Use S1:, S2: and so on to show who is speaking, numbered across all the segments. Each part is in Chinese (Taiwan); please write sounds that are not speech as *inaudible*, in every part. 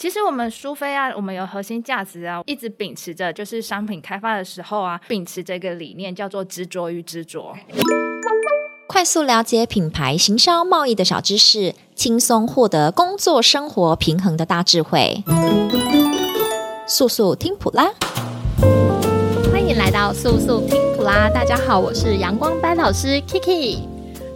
S1: 其實我們舒妃啊，我們有核心價值啊，一直秉持着就是商品開發的時候啊，秉持這個理念叫做執着與執着。快速了解品牌行銷貿易的小知識，輕鬆獲得工作生活平衡的大智慧。素素聽普啦，歡迎來
S2: 到素素聽普啦。大家好，我是陽光班老師 Kiki。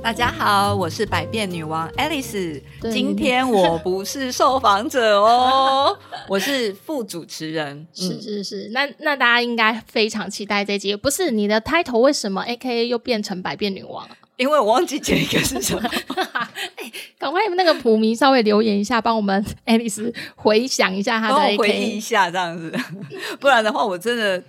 S3: 大家好，我是百變女王 Alice。今天我不是受訪者哦， *laughs* 我是副主持人。是是是，嗯、
S2: 是是那那大家應該非常期待這集。不是你的 title 為什麼 AKA 又變成百變女王、啊？因為我忘記這一個是什麼。趕 *laughs* *laughs* 快那個普迷稍微留言一下，幫我們 Alice 回想一下他的，他在回憶一
S3: 下這樣子，不然的話我真的。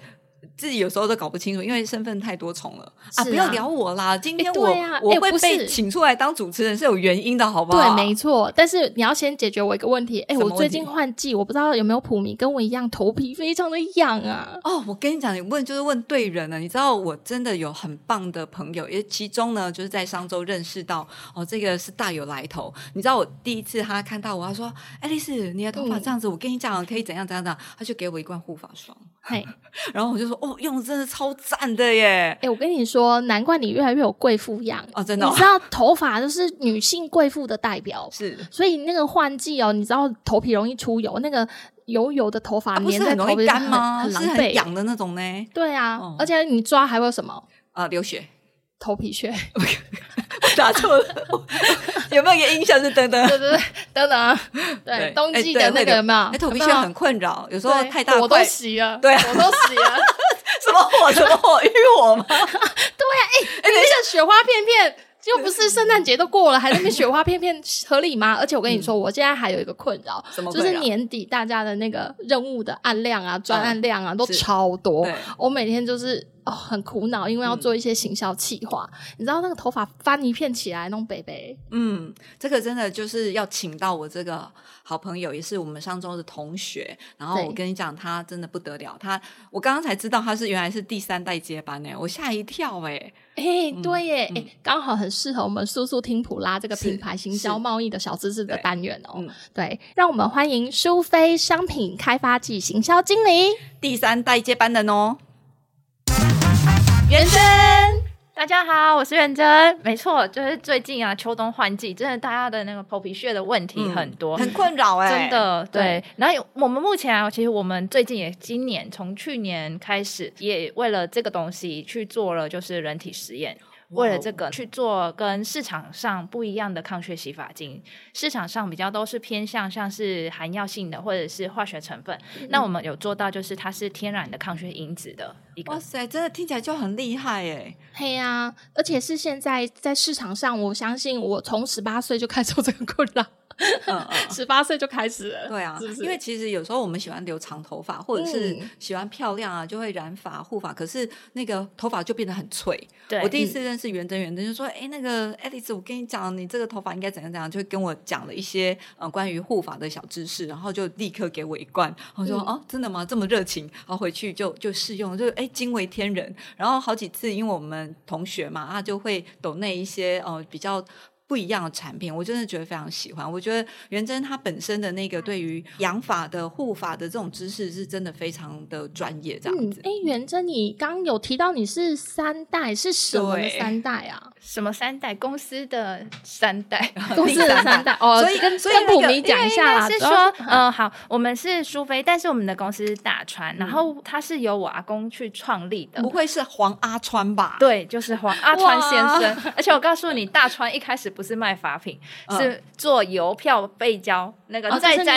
S3: 自己有時候都搞不清楚，因為身份太多重了啊，啊！不要聊我啦，今天我、欸對啊欸、我會被不是請出來當主持人是有原因的，好不好？對，沒
S2: 錯。但是你要先解決我一個問題，哎、欸，我最近換季，我不知道有沒有普迷跟我一樣頭皮非常的癢啊、嗯！
S3: 哦，我跟你講，你問就是問對人了、啊。你知道我真的有很棒的朋友，也其中呢就是在上週認識到哦，這個是大有來頭。你知道我第一次他看到我，他說：“愛麗絲，你的頭髮這樣子，嗯、我跟你講可以怎樣怎樣怎樣。”他就給我一罐護髮霜，嘿、欸，然後我就說。哦、用的真的是超讚的耶！哎、
S2: 欸，我跟你說，難怪你越來越有貴婦樣啊！真的、哦，你知道頭髮就是女性貴婦的代表，是。所以那個換季哦，你知道頭皮容易出油，那個油油的頭髮黏在頭皮上，很很癢
S3: 的那種呢。
S2: 對啊、哦，而且你抓還會有什麼啊？流血？頭皮屑
S3: ？Okay. *laughs* 打錯錯
S2: 了？
S3: *laughs* *laughs* 有沒有一個印象是等等？ *laughs* 對對對，等等、啊。對，冬季的那個嘛，哎、欸欸，頭皮屑很困擾，有時候太大，我都洗了，對、啊，我都洗了。 *laughs* 怎麼火？怎
S2: 麼火？因 *laughs* 為我嗎？ *laughs* 對呀、啊，哎、欸，那、欸、個雪花片片又、欸、不是聖誕節都過了，還那個雪花片片合理嗎？ *laughs* 而且我跟你說、嗯，我現在還有一個困擾，就是年底大家的那個任務的案量啊、專、啊、案量啊都超多，我每天就是。哦，很苦惱，因為要做一些行銷企劃、嗯，你知道那個頭髮翻一片起來弄
S3: 北北。嗯，這個真的就是要請到我這個好朋友，也是我們上周的同學。然後我跟你講，他真的不得了，他我剛剛才知道他是原來是第三代接班哎、欸，我嚇一跳哎、
S2: 欸，哎、欸嗯，對耶，剛、嗯欸、好，很適合我們蘇蘇聽普拉這個品牌行銷貿易的小知識的單元哦、喔嗯。對，讓我們歡迎舒妃商品開發暨行銷經理，第三代接班人哦、喔。
S1: 湲真，大家好，我是湲真。沒錯，就是最近啊，秋冬換季，真的大家的那個頭皮屑的問題很多，嗯、很困擾、欸， *laughs* 真的對。對，然後我們目前啊，其實我們最近也今年從去年開始，也為了這個東西去做了，就是人體實驗。為了這個去做跟市場上不一樣的抗屑洗髮精，市場上比較都是偏向像是含藥性的或者是化學成分、嗯，那我們有做到就是它是天然的抗屑因子的一個。哇塞，真的聽起來就很厲害哎、
S2: 欸！嘿呀、啊，而且是現在在市場上，我相
S3: 信我從十八歲就開始受這
S2: 個困擾。
S3: 十八歲就開始了， *laughs* 對啊是不是，因為其實有時候我們喜歡留長頭髮，或者是喜歡漂亮啊，就會染髮、護髮，可是那個頭髮就變得很脆。對。我第一次認識湲真湲真就說：“哎、嗯欸，那個愛麗絲，我跟你講，你這個頭髮應該怎樣怎樣。”就跟我講了一些、呃、關於護髮的小知識，然後就立刻給我一罐，我說、嗯：“哦，真的嗎？這麼熱情？”然後回去就就試用，就哎，驚、欸、為天人。然後好幾次，因為我們同學嘛，他就會懂那一些呃比較。不一樣的產品，我真的覺得非常喜歡。我覺得湲真他本身的那個對於養髮的護髮的這種知識，是真的非常的專業這樣子。哎、嗯，欸、湲真，你剛
S2: 有提到你是三代，是什麼三代
S1: 啊？什麼三代？公司的三代，公司的三代 *laughs* 哦，所以跟跟股民講一下啦。那個、是說嗯嗯，嗯，好，我們是舒妃，但是我們的公司是大川，然後它是由我阿公去創立的。不會是黃阿川吧？對，就是黃阿川先生。而且我告訴你，大川一開始不是賣髮品，嗯、是做郵票背膠。那個在粘的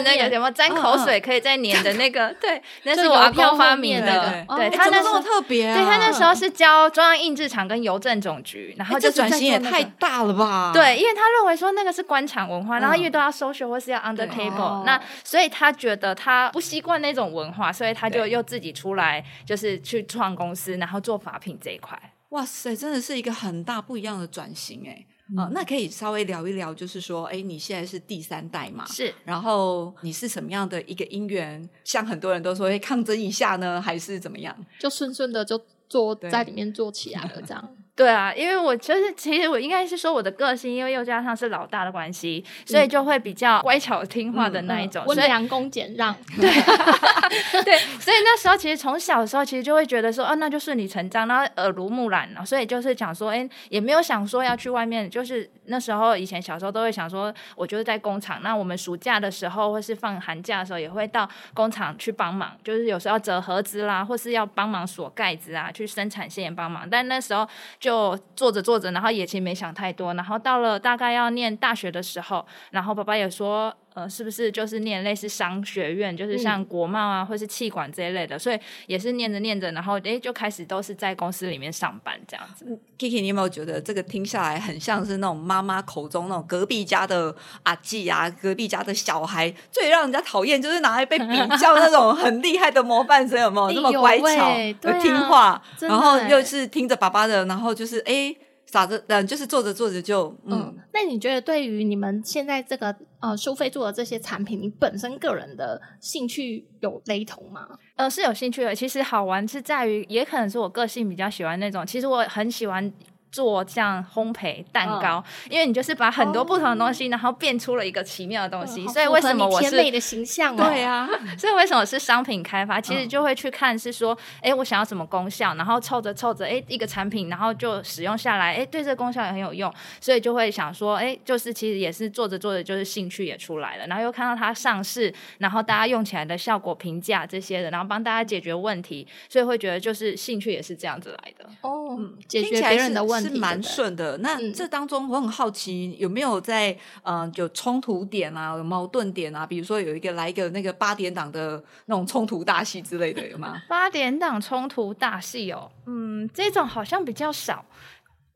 S1: 那個什麼粘口水可以再粘的那個，對，那是我阿公發明的。對，他那時候特別，對他那時候是教中央印製廠跟郵政總局，然後這轉型也太大了吧？對，因為他認為說那個是官場文化，然後因為都要 social 或是要 under table，那所以他覺得他不習慣那種文化，所以他就又自己出來，就是去創公司，然後做髮品這一塊。
S3: 哇塞，真的是一個很大不一樣的轉型哎、欸。哦、嗯呃，那可以稍微聊一聊，就是說，哎、欸，你現在是第三代嘛？是。然後你是什麼樣的一個姻緣？像很多人都說，誒、欸，抗爭一下呢，還是怎麼樣？就順順
S2: 的就坐在裡面坐起來了，這樣。 *laughs*
S1: 對啊，因為我就是其實我應該是說我的個性，因為又加上是老大的關係、嗯，所以就會比較乖巧聽話的那一種，我、嗯嗯、是良恭儉讓。對， *laughs* *laughs* 對，所以那時候其實從小的時候其實就會覺得說，啊，那就順理成章，然後耳濡目染了、啊，所以就是講說，哎、欸，也沒有想說要去外面，就是那時候以前小時候都會想說，我就是在工廠。那我們暑假的時候或是放寒假的時候，也會到工廠去幫忙，就是有時候要折盒子啦，或是要幫忙鎖蓋子啊，去生產線幫忙。但那時候就。就做着做着，然後也其實沒想太多，然後到了大概要念大學的時候，然後爸爸也說。呃，是不是就是念類似商學院，就是像國貿啊、嗯，或是企管這一類的？所以也是念着念着，然後哎、欸，就開始都是在公司裡面上班這樣子。Kiki，你有沒有覺得這個聽下來很像是那種
S3: 媽媽口中那種隔壁家的阿季啊，隔壁家的小孩最讓人家討厭，就是拿來被比較那種很厲害的模範生，有沒有那 *laughs* 麼乖巧聽話？ *laughs* 啊、然後又是聽着爸爸的，然後就是哎，傻、欸、着、就是，嗯，就是做着做着就嗯。
S2: 那你覺得對於你們現在這個呃舒妃做的這些產品，你本身個
S1: 人的興趣有雷同嗎？呃，是有興趣的。其實好玩是在於，也可能是我個性比較喜歡那種。其實我很喜歡。做這樣烘焙蛋糕、嗯，因為你就是把很多不同的東西，然後變出了一個奇妙的東西。嗯、所以為什麼我是、嗯，好符合你甜美的形象哦？、對啊、嗯、所以為什麼是商品開發？其實就會去看是說，哎，我想要什麼功效，嗯、然後湊着湊着，哎，一個產品，然後就使用下來，哎，對這個功效也很有用，所以就會想說，哎，就是其實也是做着做着，就是興趣也出來了，然後又看到它上市，然後大家用起來的效果評價這些的，然後幫大家解決問題，所以會覺得就是興趣也是這樣子來的。哦、oh, 嗯，解決別人的問題是蠻順的。那這當中，我很
S3: 好奇，有沒有在嗯、呃、有衝突點啊，有矛盾點啊？比如說有一個來一個那個八點檔的那種衝突大戲之類的，有嗎？ *laughs* 八點檔衝突大戲
S1: 哦，嗯，這種好像比較少。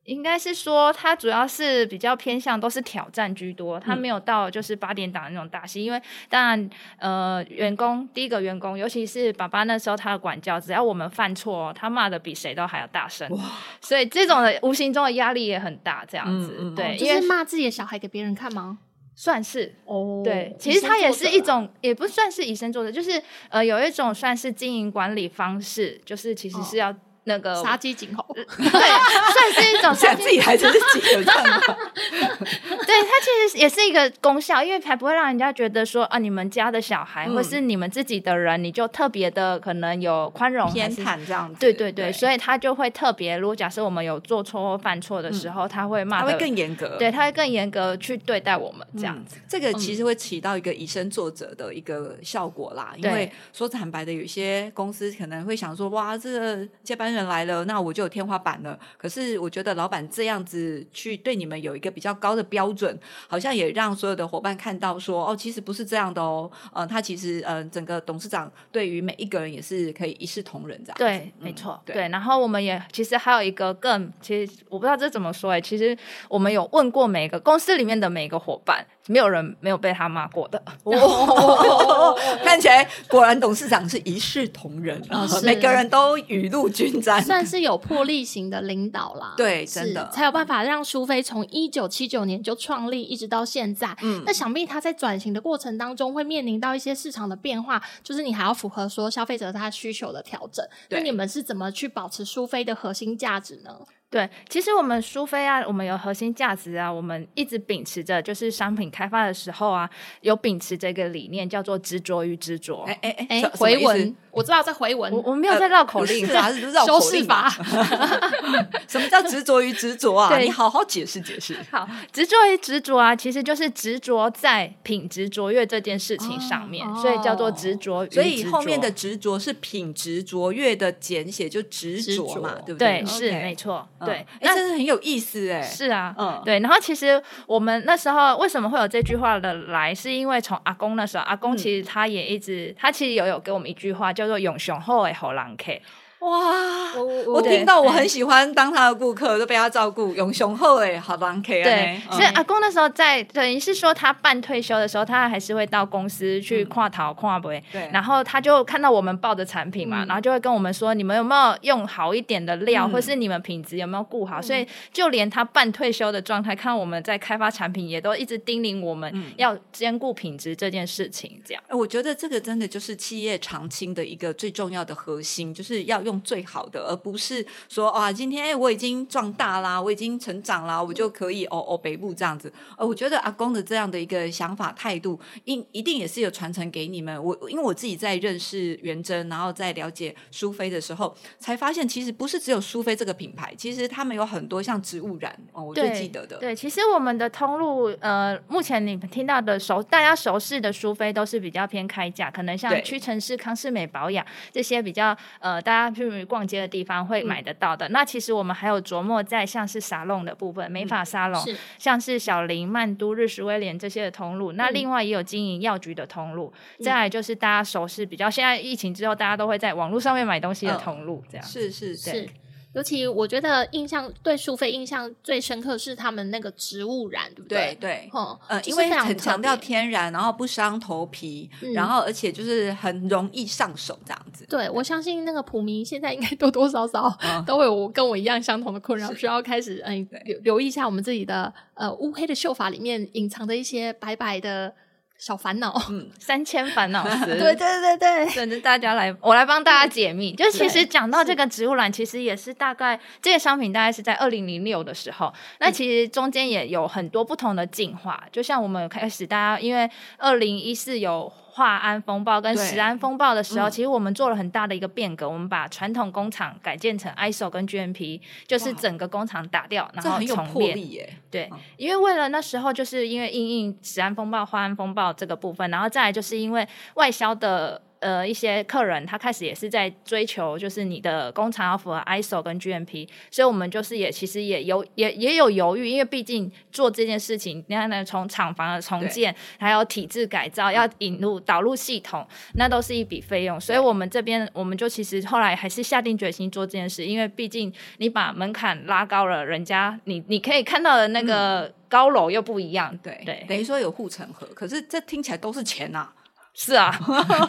S1: 應該是說，他主要是比較偏向都是挑戰居多，他沒有到就是八點檔那種大戲、嗯。因為當然，呃，員工第一個員工，尤其是爸爸那時候，他的管教，只要我們犯錯、哦，他罵的比誰都還要大聲。哇！所以這種的無形中的壓力也很大，這樣子、嗯、對，你、嗯哦就是罵自己的小孩給別人看嗎？算是哦。對，其實他也是一種，也不算是以身作則，就是呃，有一種算是經營管理方式，就是其實是要。哦那個殺雞儆猴，對，算是一種還是。 *laughs* *laughs* 對。自己孩，對。是對。子，對他其實也是一個功效，因為才不會讓人家覺得說啊，你們家的小孩、嗯、或是你們自己的人，你就特別的可能有寬容偏袒這樣子。對對對，對所以他就會特別，如果假設我們有做錯或犯錯的時候，他、嗯、會罵，他會更嚴格，對，他會更嚴格去對待我們這樣子、嗯。這個其實會起到一個以身作則
S3: 的一個效果啦。嗯、因為說坦白的，有些公司可能會想說，哇，這個對。接班。人來了，那我就有天花板了。可是我覺得老闆這樣子去對你們有一個比較高的標準，好像也讓所有的夥伴看到說，哦，其實不是這樣的哦。嗯、呃，他其實嗯、呃，整個董事長對於每一個人也是可以一視同仁這樣。對，嗯、沒錯對。對，
S1: 然後我們也其實還有一個更，其實我不知道這怎麼說哎。其實我們有問過每一個公司裡面的每一個夥伴。沒有人沒有被他罵過的，看起來果然董事長是一視同
S3: 仁， *laughs* 每個人都雨露均
S2: 沾， *laughs* 算是有魄力型的領導啦。 *laughs* 對，真的才有辦法讓舒妃從一九七九年就創立一直到現在。嗯，那想必他在轉型的過程當中會面臨到一些市場的變化，就是你還要符合說消費者他需求的調整。對。那你們是怎麼去保持舒妃的核心價值呢？
S1: 對，其實我們舒妃啊，我們有核心價值啊，我們一直秉持着，就是商品開發的時候啊，有秉持這個理念，叫做執着於執着。哎哎哎，回文，我知道我在回文，我我沒有在繞口令，啥、呃、是繞、啊、口
S3: 令吧 *laughs*
S1: *laughs* *laughs* 什麼叫執着於執着啊對？你好好解釋解釋。好，執着於執着啊，其實就是執着在品質卓越這件事情上面，哦、所以叫做執着，於執着。所以後面的
S3: 執着是品質卓越的簡寫，就執着嘛，對不對？Okay. 是，沒錯。對，
S1: 嗯欸、那真是很有意思哎。是啊，嗯，對。然後其實，我們那時候為什麼會有這句話的來，是因為從阿公那時候，阿公其實他也一直，嗯、他其實有有給我們一句話叫做“永雄後的好郎客”。哇，我、嗯、我聽到我很喜歡當他的顧客，都被他照顧，永雄厚哎，好吧 OK 對、嗯，所以阿公那時候在，等於是說他半退休的時候，他還是會到公司去跨頭跨尾。對，然後他就看到我們報的產品嘛，嗯，然後就會跟我們說，你們有沒有用好一點的料，嗯、或是你們品質有沒有顧好、嗯。所以就連他半退休的狀態，看我們在開發產品，也都一直叮嚀我們、嗯、要兼顧品質這件事情，這樣。哎，我覺
S3: 得這個真的就是企業長青的一個最重要的核心，就是要用，最好的，而不是說啊，今天誒我已經壯大啦，我已經成長啦，我就可以哦哦，北部這樣子。呃、哦，我覺得阿公的這樣的一個想法態度，一一定也是有傳承給你們。我因為我自己在認識湲真，然後在了解舒妃的時候，才發現其實不是只有舒妃這個品牌，其實他們有很多像植物染哦，我最記得的
S1: 對。對，其實我們的通路呃，目前你們聽到的熟，大家熟悉的舒妃都是比較偏開價，可能像屈臣氏、康是美寶雅這些比較呃，大家。用逛街的地方會買得到的，嗯。那其實我們還有琢磨在像是沙龍的部分，嗯，美髮沙龍，像是小林、曼都、日食、威廉這些的通路，嗯。那另外也有經營藥局的通路，嗯，再來就是大家熟悉比較，現在疫情之後大家都會在網絡上面買東西的通路，哦，這樣是是是。是對是
S2: 尤其我覺得印象對舒妃印象最深刻是他們那個植物染，對不對？對，哈、嗯、呃，呃，因
S3: 為很強調天然，然後不傷頭皮，嗯、然後而且就是很容易上手這樣子。對，
S2: 對我相信那個普迷現在應該多多少少、嗯、都會有跟我一樣相同的困擾，是需要開始嗯、呃，留留意一下我們自己的呃烏黑的秀髮裡面隱藏着一些白白的。小煩惱、嗯，三千煩惱絲 *laughs* 對，對對
S1: 對對，等着大家來，我來幫大家解密。嗯、就其實講到這個植物染，其實也是大概是這些、個、商品，大概是在二零零六的時候。那、嗯、其實中間也有很多不同的進化、嗯，就像我們開始大家，因為二零一四有。化安風暴跟食安風暴的時候、嗯，其實我們做了很大的一個變革，嗯、我們把傳統工廠改建成 ISO 跟 GMP，就是整個工廠打掉，然後重練。這很有魄力、欸、對、嗯，因為為了那時候，就是因為因應應食安風暴、化安風暴這個部分，然後再來就是因為外銷的。呃，一些客人他開始也是在追求，就是你的工廠要符合 ISO 跟 GMP，所以我們就是也其實也有也也有猶豫，因為畢竟做這件事情，你還能從廠房的重建，還有體制改造，要引入、嗯、導入系統，那都是一筆費用，所以我們這邊我們就其實後來還是下定決心做這件事，因為畢竟你把門檻拉高了，人家你你可以看到的那個高樓又不一樣，嗯、對對，等於說有護城河，可是這聽起來都是錢啊。 *laughs* 是啊，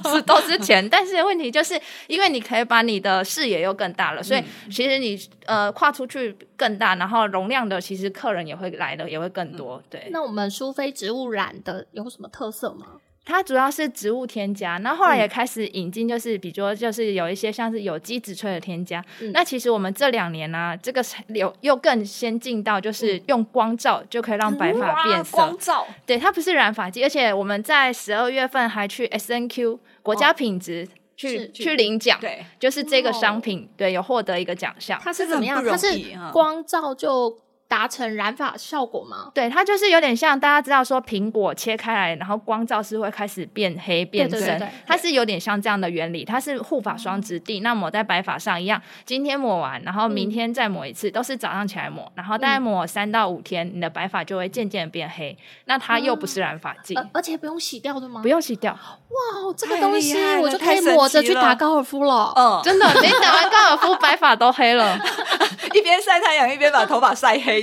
S1: 是都是錢， *laughs* 但是問題就是因為你可以把你的視野又更大了，所以其實你呃跨出去更大，然後容量的其實客人也會來的也會更多、嗯。對，那我們舒妃植物染的有什麼特色嗎？它主要是植物添加，那後，後來也開始引進，就是、嗯、比如說，就是有一些像是有機植萃的添加、嗯。那其實我們這兩年呢、啊，這個有又更先進到，就是用光照就可以讓白髮變色、嗯嗯。光照，對，它不是染髮劑，而且我們在十二月份還去 S N Q、哦、國家品質去去領獎，對，就是這個商品，嗯哦、對，有獲得一個獎項。它是怎麼樣？是容易它是光
S2: 照就。達成染髮效果嗎？
S1: 對，它就是有點像大家知道說蘋果切開來，然後光照是會開始變黑變深，它是有點像這樣的原理。它是護髮霜質地、嗯，那抹在白髮上一樣。今天抹完，然後明天再抹一次，嗯、都是早上起來抹，然後再抹三到五天，你的白髮就會漸漸變黑。那它又不是染髮劑、嗯呃，而且不用洗掉的嗎？不用洗掉。哇，
S2: 這個東西我就可以抹着去打高爾夫了。嗯，
S1: 真的，你打完高爾夫白髮都黑了， *laughs* 一邊曬太陽一邊把頭髮曬黑。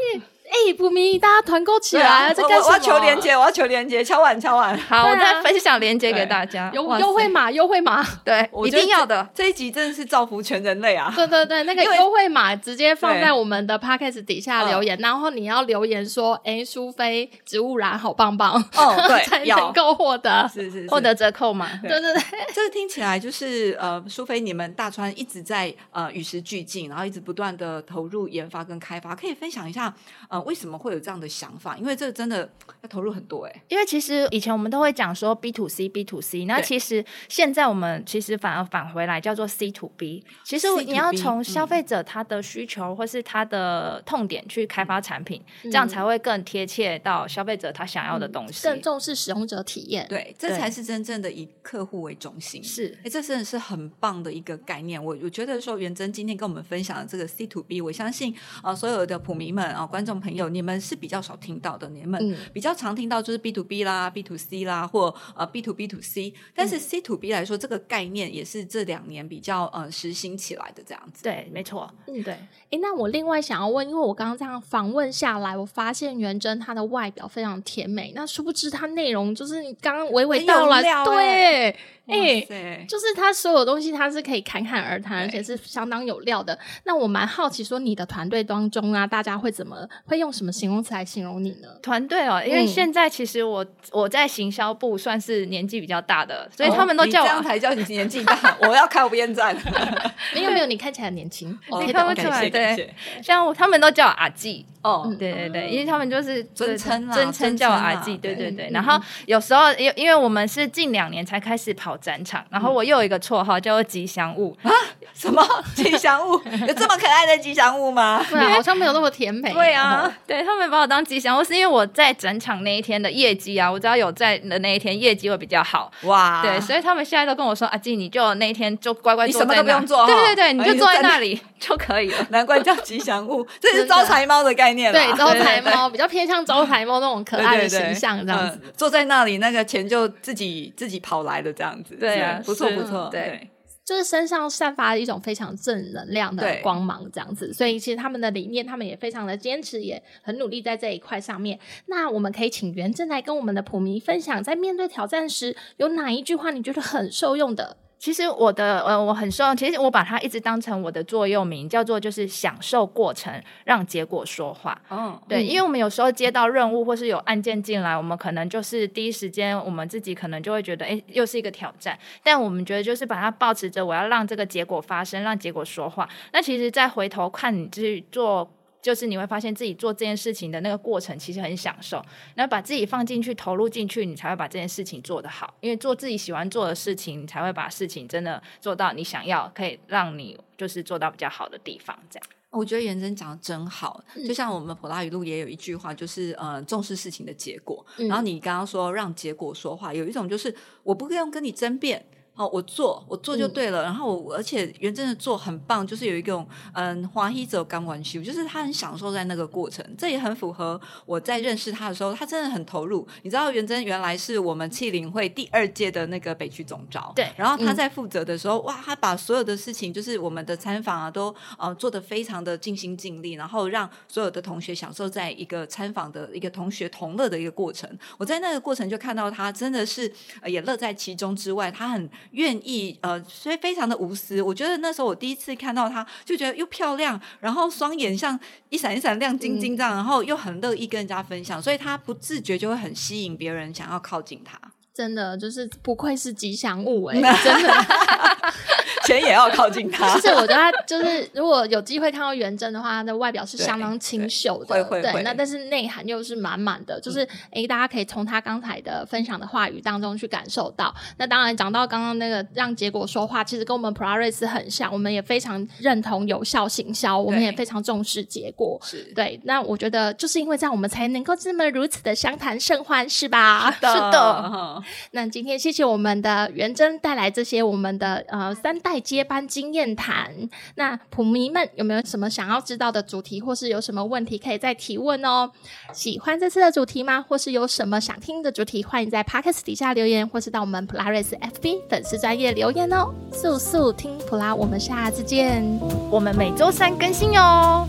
S1: 不迷，大家團購起來！在幹、啊、我要求連接，我要求連接，敲碗敲碗。好、啊，我再分享連
S3: 接給大家。有優惠碼，優惠碼，對我，一定要的。這一集真的是造福全人類
S1: 啊！
S2: 對對對，那個優惠碼直接放在我們的 podcast 底下留言，然後你要留言說：“哎、欸，舒妃，植物染好棒棒哦！”對， *laughs* 才能夠獲得是是
S3: 獲得
S1: 折扣嘛？對對對，
S3: 對。這 *laughs* 聽起來就是呃，舒妃，你們大川一直在呃與時俱進，然後一直不斷的投入研發跟開發，可以分享一下呃。為什麼會
S1: 有這樣的想法？因為這個真的要投入很多哎、欸。因為其實以前我們都會講說 B to C、B to C，那其實現在我們其實反而返回來叫做 C to B。其實你要從消費者他的需求或是他的痛點去開發產品，嗯，這樣才會更貼切到消費者他想要的東西。更重視使用者體驗，對，對，這才是
S3: 真正的以客戶為中心。是，哎、欸，這真的是很棒的一個概念。我我覺得說湲真今天跟我們分享的這個 C to B，我相信啊、呃，所有的普迷們啊、呃，觀眾朋友們。呃你們是比較少聽到的，你們比較常聽到就是 B to B 啦、B to C 啦，或呃 B to B to C。B2B2C，但是 C to B 來說、嗯，這個概念也是這兩年比較呃實行起來的這樣子。對，沒錯。嗯，
S2: 對。哎、欸，那我另外想要問，因為我剛剛這樣訪問下來，我發現湲真她的外表非常甜美，那殊不知她內容就是你剛剛娓娓道來，欸、對、欸，哎、哦，就是她所有東西，她是可以侃侃而談，而且是相當有料的。那我蠻好奇，說你的團隊當中啊，大家會怎麼會？用什麼形容詞
S1: 來形容你呢？團隊哦，因為現在其實我、嗯、我在行銷部算是年紀比較大的，所以他們都叫我、啊哦、剛才叫你年紀大。 *laughs* 我要靠邊站， *laughs* 沒有沒有，你看起來很年輕、哦，你看不出來。OK, OK, OK 對，像他們都叫我阿季、啊。哦、oh，對對對、嗯，因為他們就是對對尊稱、啊、尊稱叫我阿紀、嗯，對對對、嗯。然後有時候因、嗯、因為我們是近兩年才開始跑展場，嗯、然後我又有一個綽號、嗯、叫做吉祥物啊，什麼吉
S3: 祥物？ *laughs* 有這麼可愛的吉祥物嗎？對、啊、好像沒有
S1: 那麼甜美。欸、對啊，對他們把我當吉祥物，是因為我在展場那一天的業績啊，我只要有在的那一天業績會比較好哇。對，所以他們現在都跟我說阿紀，你就那一天就乖乖坐在，你什麼都不用做，對對對，啊、你就坐在那裡，啊、就那裡就可以
S3: 了。難怪叫吉祥物，這是招財貓的概念。 *laughs* *music* *music* 對，招財貓比較偏向招財貓那種可愛的形象，這樣子對對對、嗯、坐在那裡，那個錢就自己自己跑來的這樣子。 *laughs* 對、啊、不錯不錯、嗯對，對，就
S2: 是身上散發了一種非常正能量的光芒，這樣子。所以其實他們的理念，他們也非常的堅持，也很努力在這一塊上面。那我們可以請湲真來跟我們的普迷分享，在面對挑戰時，有
S1: 哪一句話你覺得很受用的？其實我的呃，我很受，其實我把它一直當成我的座右銘，叫做就是享受過程，讓結果說話。嗯、哦，對嗯，因為我們有時候接到任務或是有案件進來，我們可能就是第一時間，我們自己可能就會覺得，哎，又是一個挑戰。但我們覺得就是把它抱持著，我要讓這個結果發生，讓結果說話。那其實再回頭看你就是做。就是你會發現自己做這件事情的那個過程其實很享受，然後把自己放進去、投入進去，你才會把這件事情做得好。因為做自己喜歡做的事情，你才會把事情真的做到你想要，可以讓你就是做到比較好的地方。這樣，
S3: 我覺得湲真講的真好。嗯、就像我們普拉語錄也有一句話，就是呃，重視事情的結果。嗯、然後你剛剛說讓結果說話，有一種就是我不用跟你爭辯。哦、我做我做就對了。嗯、然後我而且湲真的做很棒，就是有一種嗯，花式走鋼管秀,就是他很享受在那個過程。這也很符合我在認識他的時候，他真的很投入。你知道，湲真原來是我們氣靈會第二屆的那個北區總召。對、嗯，然後他在負責的時候，哇，他把所有的事情，就是我們的參訪啊，都呃做得非常的盡心盡力，然後讓所有的同學享受在一個參訪的一個同學同樂的一個過程。我在那個過程就看到他真的是、呃、也樂在其中之外，他很。願意呃，所以非常的無私。我覺得那時候我第一次看到她，就覺得又漂亮，然後雙眼像一閃一閃亮晶晶這樣，嗯、然後又很樂意跟人家分享，所以她不自覺就會很吸引別人，想要靠近她。
S2: 真的就是不愧是吉祥物哎、欸！真的，
S3: 錢 *laughs* *laughs* 也要靠近他。其實我覺得，他
S2: 就是如果有機會看到湲真的話，他的外表是相當清秀的，對，對，會會會，對，那但是內涵又是滿滿的，就是哎、嗯欸，大家可以從他剛才的分享的話語當中去感受到。那當然，講到剛剛那個讓結果說話，其實跟我們普拉瑞斯很像，我們也非常認同有效行銷，我們也非常重視結果是。對，那我覺得就是因為這樣，我們才能夠這麼如此的相談甚歡，是吧？是的。那今天謝謝我們的湲真帶來這些我們的呃三代接班經驗談。那普迷們有沒有什麼想要知道的主題，或是有什麼問題可以再提問哦？喜歡這次的主題嗎？或是有什麼想聽的主題，歡迎在 Podcast 底下留言，或是到我們普拉瑞斯 FB 粉絲專業留言哦。速速聽普拉，我們下次見。
S1: 我們每周三更新哦。